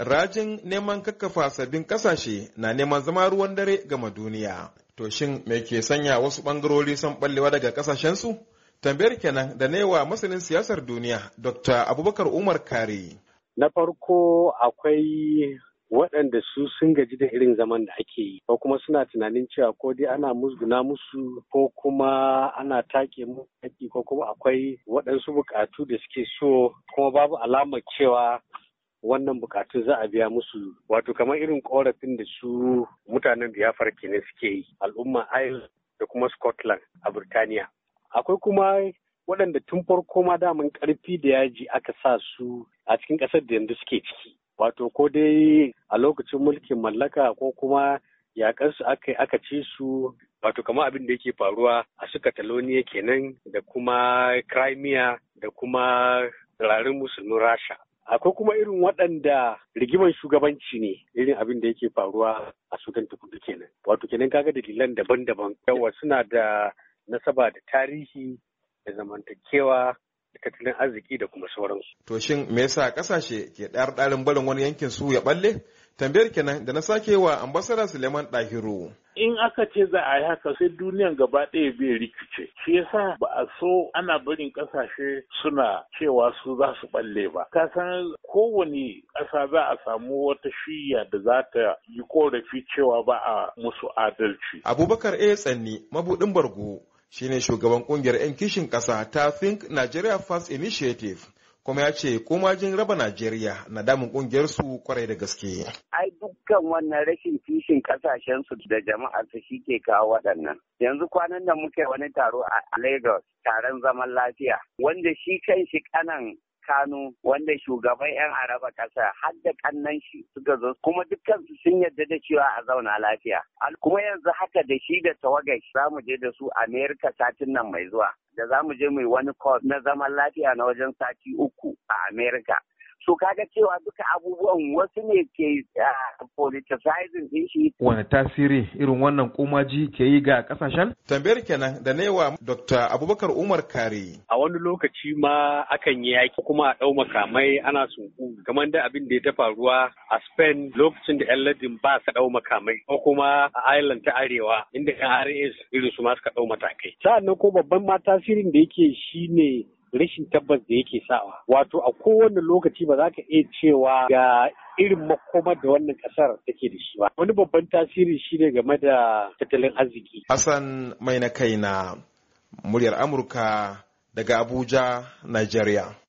rajin neman kakkafa sabbin kasashe na neman zama ruwan dare gama duniya. To shin me ke sanya wasu bangarori son ɓallewa daga ƙasashensu? Tambayar kenan da newa masanin siyasar duniya Dr. Abubakar Umar Kare. Na farko akwai waɗanda su sun gaji da irin zaman da ake yi ko kuma suna tunanin cewa ko dai ana musguna musu ko kuma ana take mu ko kuma akwai waɗansu buƙatu da suke so kuma babu alamar cewa wannan bukatu za a biya musu wato kamar irin korafin da su mutanen biyafar kenan suke yi al'umma Ireland da kuma Scotland a Birtaniya. Akwai kuma waɗanda tun farko ma daman ƙarfi da yaji aka sa su a cikin ƙasar da yanzu suke ciki. Wato ko dai a lokacin mulkin mallaka ko kuma yaƙarsu aka aka ci su wato kamar abin da yake faruwa a su Catalonia kenan da kuma Crimea da kuma rarin musulmin Rasha. akwai kuma irin waɗanda rigiman shugabanci ne irin abin da yake faruwa a sudan ta kudu kenan wato kenan kaga dalilan daban-daban yawa suna da nasaba da tarihi da zamantakewa da tattalin arziki da kuma sauransu to shin me yasa kasashe ke ɗarɗarin barin wani yankin su ya balle tambayar kenan da na sake wa ambasada suleiman dahiru in aka ce za a yi haka sai duniyan gaba ɗaya bai rikice shi yasa ba a so ana barin ƙasashe suna cewa su za su balle ba ka san kowane ƙasa za a samu wata shiya da za ta yi korafi cewa ba a musu adalci abubakar a tsanni mabuɗin bargo shine shugaban kungiyar 'yan kishin ƙasa ta think nigeria first initiative kuma ya ce jin raba Najeriya na damun kungiyar kwarai da gaske. Ai dukkan wannan rashin kishin kasashen su da jama'ar su ke kawo waɗannan. Yanzu kwanan da muke wani taro a Lagos taron zaman lafiya wanda shi kan shi kanan Kano wanda shugaban 'yan Araba kasa har da kannan shi suka zo kuma dukkan su sun yarda da cewa a zauna lafiya. Kuma yanzu haka da shi da tawagar za mu je da su Amerika satin nan mai zuwa. Da za mu je mai wani course na zaman lafiya na wajen sati uku a Amerika. so kaga cewa duka abubuwan wasu ne ke ah, politicizing din shi wani tasiri irin wannan komaji ke yi ga kasashen tambayar kenan da yawa dr abubakar umar kare a wani lokaci ma akan yi yaki kuma a ɗau makamai ana sunku kamar da abin da ya ta faruwa a spain lokacin da yan ladin ba su ɗau makamai ko kuma a ireland ta arewa inda yan rs irin su ma suka ɗau matakai sa'annan ko babban ma tasirin da yake ne. rashin tabbas da yake sawa wato a kowane lokaci ba za ka iya cewa ga irin makomar da wannan kasar take da shi ba wani babban tasiri shi ne game da tattalin arziki hassan mai na kai na muryar amurka daga abuja Najeriya.